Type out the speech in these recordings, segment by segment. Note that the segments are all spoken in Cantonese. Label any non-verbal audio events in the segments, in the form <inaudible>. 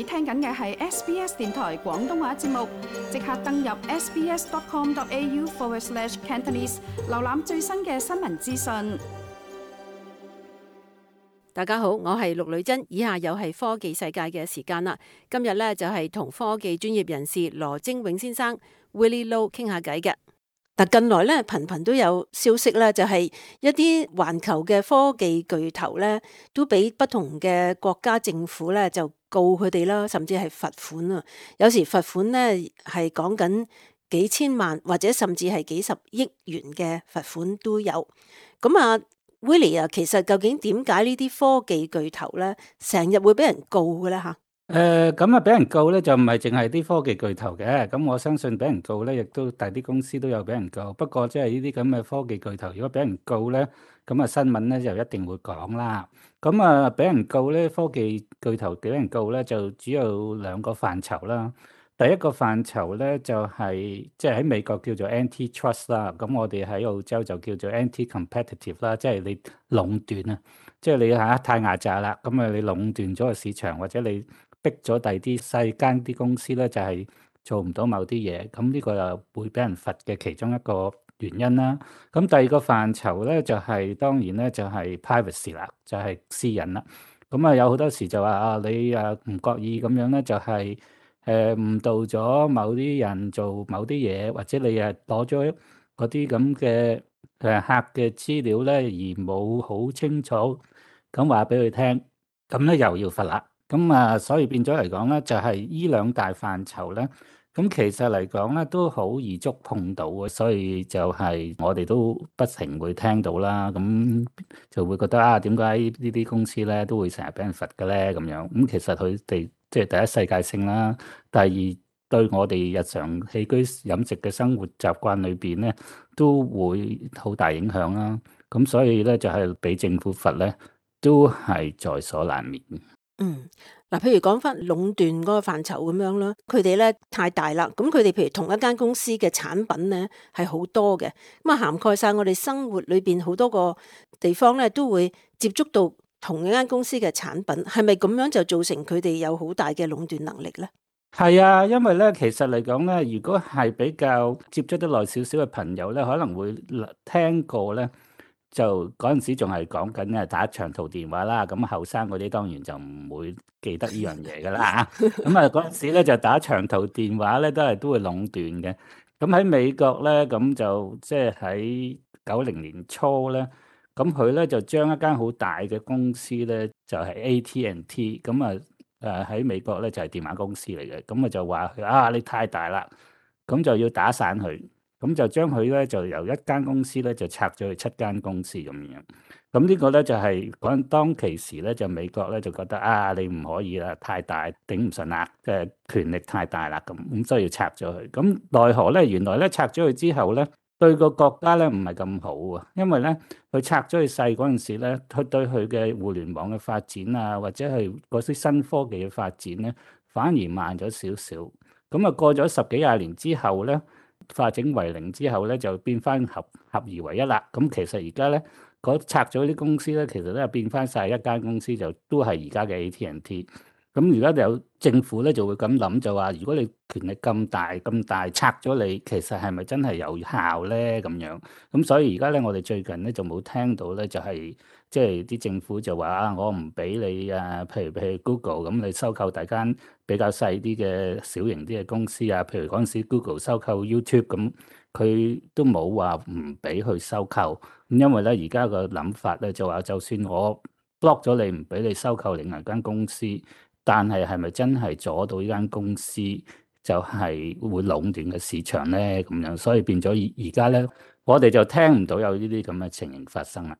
你聽緊嘅係 SBS 電台廣東話節目，即刻登入 sbs.com.au/cantonese 瀏覽最新嘅新聞資訊。大家好，我係陸女真，以下又係科技世界嘅時間啦。今日呢就係同科技專業人士羅徵永先生 Willie Lo 傾下偈嘅。近來咧頻頻都有消息咧，就係、是、一啲環球嘅科技巨頭咧，都俾不同嘅國家政府咧就告佢哋啦，甚至係罰款啊。有時罰款咧係講緊幾千萬，或者甚至係幾十億元嘅罰款都有。咁啊，Willie 啊，其實究竟點解呢啲科技巨頭咧成日會俾人告嘅咧？嚇？誒咁啊，俾人告咧就唔係淨係啲科技巨頭嘅，咁我相信俾人告咧，亦都大啲公司都有俾人告。不過即係呢啲咁嘅科技巨頭，如果俾人告咧，咁啊新聞咧就一定會講啦。咁啊俾人告咧，科技巨頭俾人告咧，就只有兩個範疇啦。第一個範疇咧就係即係喺美國叫做 Anti Trust 啦，咁我哋喺澳洲就叫做 Anti Competitive 啦，即係你壟斷啊，即係你太壓榨啦，咁啊你壟斷咗個市場或者你，逼咗第二啲細間啲公司咧，就係做唔到某啲嘢，咁呢個又會俾人罰嘅其中一個原因啦。咁第二個範疇咧，就係、是、當然咧，就係 privacy 啦，就係私隱啦。咁啊，有好多時就話啊，你啊唔覺意咁樣咧、就是，就係誒誤導咗某啲人做某啲嘢，或者你呀攞咗嗰啲咁嘅誒客嘅資料咧，而冇好清楚咁話俾佢聽，咁咧又要罰啦。咁啊，所以變咗嚟講咧，就係依兩大範疇咧。咁其實嚟講咧，都好易觸碰到嘅，所以就係我哋都不停會聽到啦。咁就會覺得啊，點解呢啲公司咧都會成日俾人罰嘅咧？咁樣，咁其實佢哋即係第一世界性啦，第二對我哋日常起居飲食嘅生活習慣裏邊咧，都會好大影響啦。咁所以咧，就係俾政府罰咧，都係在所難免。嗯，嗱，譬如講返壟斷嗰個範疇咁樣啦，佢哋咧太大啦，咁佢哋譬如同一間公司嘅產品咧係好多嘅，咁啊涵蓋晒我哋生活裏邊好多個地方咧，都會接觸到同一間公司嘅產品，係咪咁樣就造成佢哋有好大嘅壟斷能力咧？係啊，因為咧其實嚟講咧，如果係比較接觸得耐少少嘅朋友咧，可能會聽過咧。就嗰陣時仲係講緊啊打長途電話啦，咁後生嗰啲當然就唔會記得 <laughs> 呢樣嘢噶啦，咁啊嗰陣時咧就打長途電話咧都係都會壟斷嘅。咁喺美國咧，咁就即係喺九零年初咧，咁佢咧就將一間好大嘅公司咧就係 AT&T，咁啊誒喺美國咧就係電話公司嚟嘅，咁啊就話啊你太大啦，咁就要打散佢。咁就將佢咧，就由一間公司咧，就拆咗去七間公司咁樣。咁呢個咧就係嗰陣當其時咧，就美國咧就覺得啊，你唔可以啦，太大頂唔順啦，嘅、呃、權力太大啦，咁咁所以要拆咗佢。咁奈何咧，原來咧拆咗佢之後咧，對個國家咧唔係咁好啊，因為咧佢拆咗佢細嗰陣時咧，佢對佢嘅互聯網嘅發展啊，或者係嗰啲新科技嘅發展咧，反而慢咗少少。咁啊，過咗十幾廿年之後咧，化整為零之後咧，就變翻合合二為一啦。咁其實而家咧，拆咗啲公司咧，其實都係變翻晒一間公司，就都係而家嘅 AT&T。T 咁而家有政府咧，就會咁諗，就話如果你權力咁大咁大，拆咗你，其實係咪真係有效咧？咁樣，咁所以而家咧，我哋最近咧就冇聽到咧、就是，就係即係啲政府就話啊，我唔俾你啊，譬如譬如 Google 咁，你收購大間比較細啲嘅小型啲嘅公司啊，譬如嗰陣時 Google 收購 YouTube 咁，佢都冇話唔俾去收購，咁因為咧而家個諗法咧就話，就算我 block 咗你，唔俾你收購另外間公司。但係係咪真係阻到呢間公司就係會壟斷嘅市場咧？咁樣，所以變咗而而家咧，我哋就聽唔到有呢啲咁嘅情形發生啦。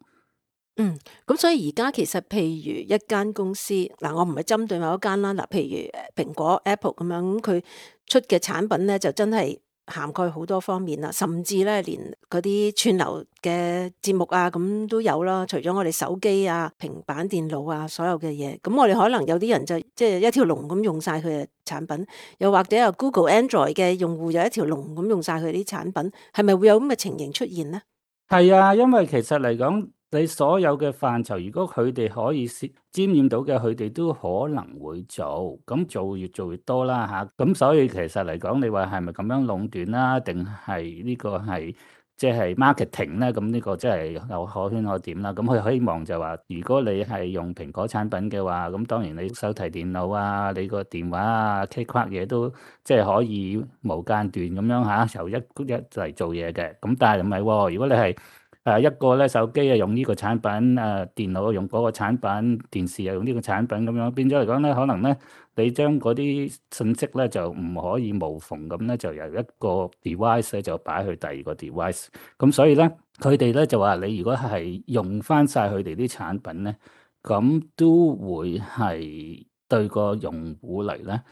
嗯，咁所以而家其實譬如一間公司嗱，我唔係針對某一間啦，嗱，譬如蘋果 Apple 咁樣，佢出嘅產品咧就真係。涵蓋好多方面啦，甚至咧連嗰啲串流嘅節目啊，咁都有啦。除咗我哋手機啊、平板電腦啊，所有嘅嘢，咁我哋可能有啲人就即係、就是、一條龍咁用晒佢嘅產品，又或者有 Google Android 嘅用戶有一條龍咁用晒佢啲產品，係咪會有咁嘅情形出現呢？係啊，因為其實嚟講。你所有嘅範疇，如果佢哋可以涉沾染到嘅，佢哋都可能會做，咁做越做越多啦吓。咁、啊、所以其實嚟講，你話係咪咁樣壟斷啦？定係、就是、呢個係即係 marketing 咧？咁呢個即係又可圈可點啦。咁佢希望就話，如果你係用蘋果產品嘅話，咁當然你手提電腦啊，你個電話啊，K 塊嘢都即係、就是、可以無間斷咁樣吓，就、啊、一谷一嚟做嘢嘅。咁但係唔係喎，如果你係。誒一個咧手機啊用呢個產品，誒電腦用嗰個產品，電視又用呢個產品咁樣，變咗嚟講咧，可能咧你將嗰啲信息咧就唔可以無縫咁咧，就由一個 device 咧就擺去第二個 device。咁所以咧，佢哋咧就話你如果係用翻晒佢哋啲產品咧，咁都會係對個用戶嚟咧。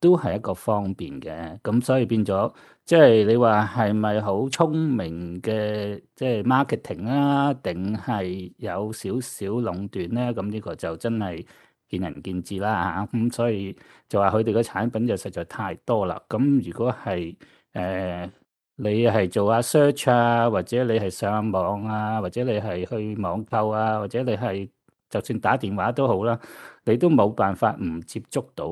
都係一個方便嘅，咁所以變咗，即係你話係咪好聰明嘅，即係 marketing 啊，定係有少少壟斷咧？咁呢個就真係見仁見智啦嚇。咁所以就話佢哋嘅產品就實在太多啦。咁如果係誒你係做下 search 啊，或者你係上網啊，或者你係去網購啊，或者你係。就算打電話都好啦，你都冇辦法唔接觸到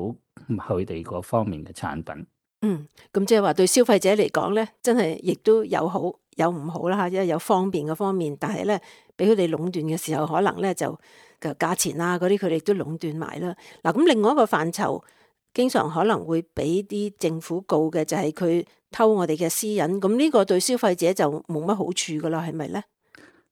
佢哋嗰方面嘅產品。嗯，咁即係話對消費者嚟講咧，真係亦都有好有唔好啦嚇，即係有方便嘅方面，但係咧俾佢哋壟斷嘅時候，可能咧就嘅價錢啊嗰啲佢哋都壟斷埋啦。嗱，咁另外一個範疇，經常可能會俾啲政府告嘅就係、是、佢偷我哋嘅私隱。咁、這、呢個對消費者就冇乜好處噶啦，係咪咧？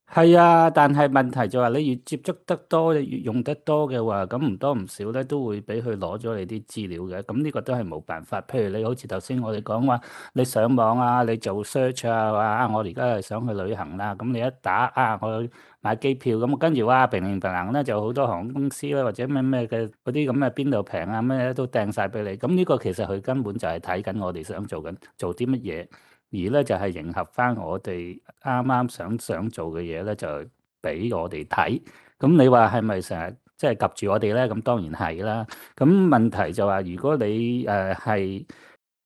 係 <noise> 啊，但係問題就話，你越接觸得多，你越用得多嘅話，咁唔多唔少咧，都會俾佢攞咗你啲資料嘅。咁呢個都係冇辦法。譬如你好似頭先我哋講話，你上網啊，你做 search 啊，話我而家係想去旅行啦。咁你一打啊，我買機票，咁跟住哇，平平平平啦，啊，就好多航空公司啦，或者咩咩嘅嗰啲咁嘅邊度平啊，咩都掟晒俾你。咁呢個其實佢根本就係睇緊我哋想做緊做啲乜嘢。而咧就係迎合翻我哋啱啱想想做嘅嘢咧，就俾我哋睇。咁你話係咪成日即係及住我哋咧？咁當然係啦。咁問題就話，如果你誒係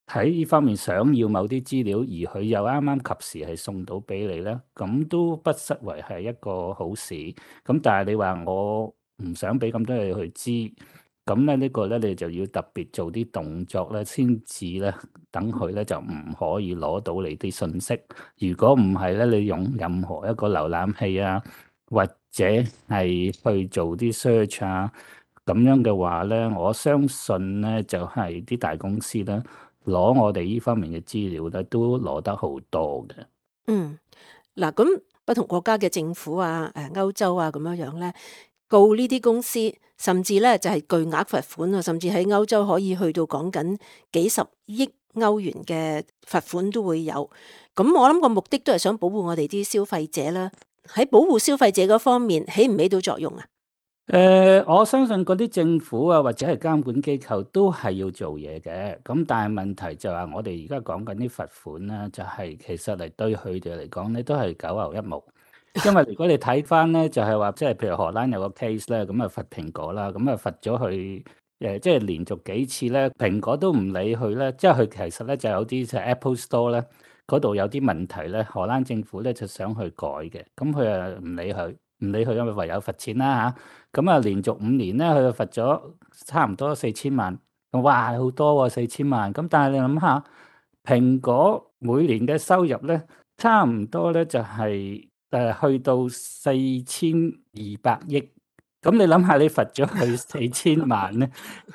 喺呢方面想要某啲資料，而佢又啱啱及時係送到俾你咧，咁都不失為係一個好事。咁但係你話我唔想俾咁多嘢去知。咁咧，呢個咧，你就要特別做啲動作咧，先至咧，等佢咧就唔可以攞到你啲信息。如果唔係咧，你用任何一個瀏覽器啊，或者係去做啲 search 啊，咁樣嘅話咧，我相信咧就係啲大公司咧攞我哋呢方面嘅資料咧，都攞得好多嘅。嗯，嗱，咁不同國家嘅政府啊，誒，歐洲啊，咁樣樣咧。告呢啲公司，甚至咧就係巨額罰款啊，甚至喺歐洲可以去到講緊幾十億歐元嘅罰款都會有。咁我諗個目的都係想保護我哋啲消費者啦。喺保護消費者嗰方面，起唔起到作用啊？誒、呃，我相信嗰啲政府啊，或者係監管機構都係要做嘢嘅。咁但係問題就係我哋而家講緊啲罰款咧、就係，就係其實嚟對佢哋嚟講咧都係九牛一毛。因為如果你睇翻咧，就係話，即係譬如荷蘭有個 case 咧，咁啊罰蘋果啦，咁啊罰咗佢，誒即係連續幾次咧，蘋果都唔理佢咧，即係佢其實咧就有啲就 Apple Store 咧，嗰度有啲問題咧，荷蘭政府咧就想去改嘅，咁佢啊唔理佢，唔理佢因為唯有罰錢啦吓，咁啊連續五年咧，佢就罰咗差唔多四千萬，哇，好多喎，四千萬，咁但係你諗下，蘋果每年嘅收入咧，差唔多咧就係。誒，去到四千二百億，咁你諗下，你罰咗佢四千萬咧，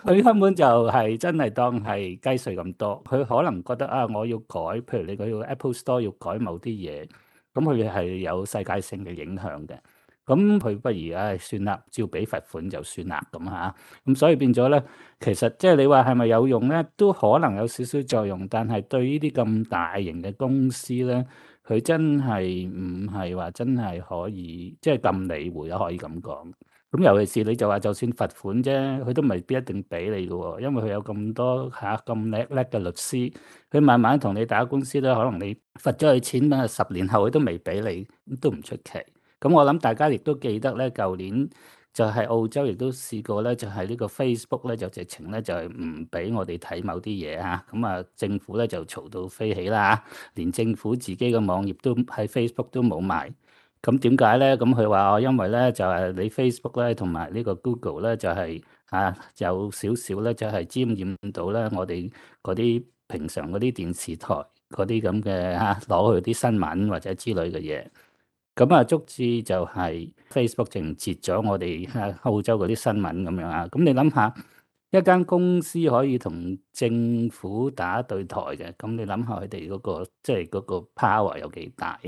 佢根本就係真係當係雞碎咁多，佢可能覺得啊，我要改，譬如你個 Apple Store 要改某啲嘢，咁佢係有世界性嘅影響嘅，咁佢不如唉、哎、算啦，照俾罰款就算啦，咁吓，咁所以變咗咧，其實即係你話係咪有用咧，都可能有少少作用，但係對於啲咁大型嘅公司咧。佢真係唔係話真係可以，即係咁理會啊，可以咁講。咁尤其是你就話，就算罰款啫，佢都未必一定俾你嘅喎，因為佢有咁多嚇咁叻叻嘅律師，佢慢慢同你打官司咧，可能你罰咗佢錢，但係十年後佢都未俾你，都唔出奇。咁我諗大家亦都記得咧，舊年。就係澳洲亦都試過咧，就係、是、呢個 Facebook 咧就直情咧就係唔俾我哋睇某啲嘢嚇，咁啊政府咧就嘈到飛起啦嚇，連政府自己嘅網頁都喺 Facebook 都冇埋。咁點解咧？咁佢話因為咧就係、是、你 Facebook 咧同埋呢個 Google 咧就係、是、啊，有少少咧就係沾染到咧我哋嗰啲平常嗰啲電視台嗰啲咁嘅嚇，攞去啲新聞或者之類嘅嘢。咁啊，足之就係 Facebook 淨截咗我哋澳洲嗰啲新聞咁樣啊。咁你諗下，一間公司可以同政府打對台嘅，咁你諗下佢哋嗰個即係嗰個 power 有幾大？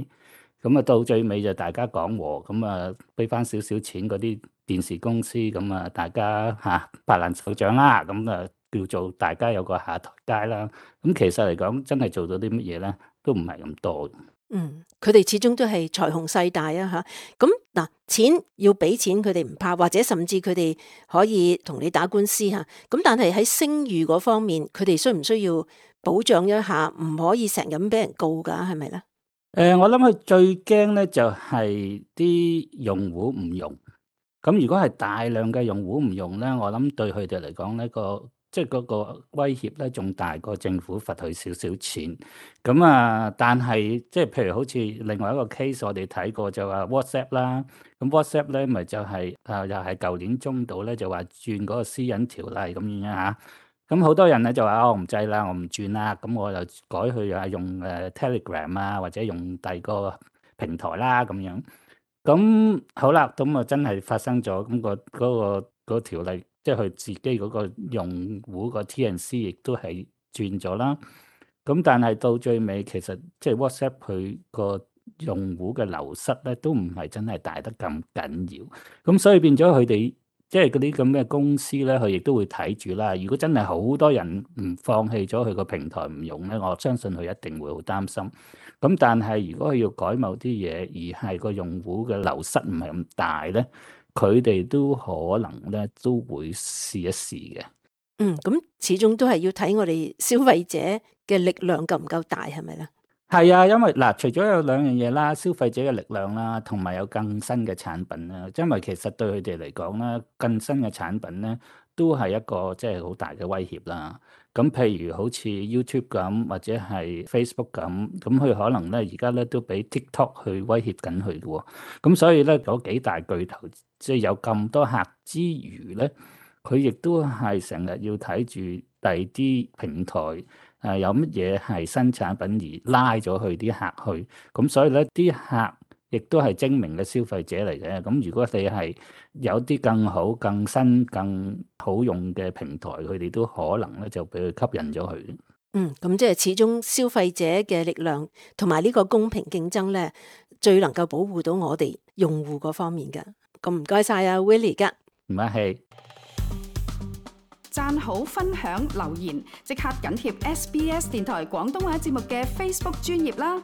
咁啊，到最尾就大家講和，咁啊，俾翻少少錢嗰啲電視公司，咁啊，大家吓拍爛手掌啦，咁啊，叫做大家有個下台階啦。咁其實嚟講，真係做到啲乜嘢咧，都唔係咁多。嗯，佢哋始終都係財雄勢大啊吓，咁嗱，錢要俾錢，佢哋唔怕，或者甚至佢哋可以同你打官司吓，咁、啊、但係喺聲譽嗰方面，佢哋需唔需要保障一下？唔可以成日咁俾人告噶，係咪咧？誒、呃，我諗佢最驚咧就係啲用戶唔用，咁如果係大量嘅用戶唔用咧，我諗對佢哋嚟講呢個。即係嗰個威脅咧仲大過政府罰佢少少錢，咁啊！但係即係譬如好似另外一個 case，我哋睇過就話 WhatsApp 啦，咁 WhatsApp 咧咪就係啊，又係舊年中度咧就話轉嗰個私隱條例咁樣嚇，咁好多人咧就話我唔制啦，我唔轉啦，咁我就改去啊用誒 Telegram 啊或者用第二個平台啦咁樣，咁好啦，咁啊真係發生咗咁個嗰個嗰條例。即係佢自己嗰個用戶個 T&C 亦都係轉咗啦，咁但係到最尾其實即係 WhatsApp 佢個用戶嘅流失咧都唔係真係大得咁緊要，咁所以變咗佢哋即係嗰啲咁嘅公司咧，佢亦都會睇住啦。如果真係好多人唔放棄咗佢個平台唔用咧，我相信佢一定會好擔心。咁但係如果佢要改某啲嘢，而係個用戶嘅流失唔係咁大咧。佢哋都可能咧，都會試一試嘅。嗯，咁始終都係要睇我哋消費者嘅力量夠唔夠大，係咪咧？係啊，因為嗱，除咗有兩樣嘢啦，消費者嘅力量啦，同埋有，有更新嘅產品啊，因為其實對佢哋嚟講咧，更新嘅產品咧都係一個即係好大嘅威脅啦。咁譬如好似 YouTube 咁，或者係 Facebook 咁，咁佢可能咧而家咧都俾 TikTok 去威脅緊佢嘅喎。咁所以咧嗰幾大巨頭即係有咁多客之餘咧，佢亦都係成日要睇住第二啲平台誒、呃、有乜嘢係新產品而拉咗佢啲客去。咁所以咧啲客，亦都係精明嘅消費者嚟嘅，咁如果你係有啲更好、更新、更好用嘅平台，佢哋都可能咧就俾佢吸引咗佢。嗯，咁即係始終消費者嘅力量同埋呢個公平競爭咧，最能夠保護到我哋用戶嗰方面嘅。咁唔該晒啊，Willie 㗎，唔客氣。讚好、分享、留言，即刻緊貼 SBS 電台廣東話節目嘅 Facebook 專頁啦！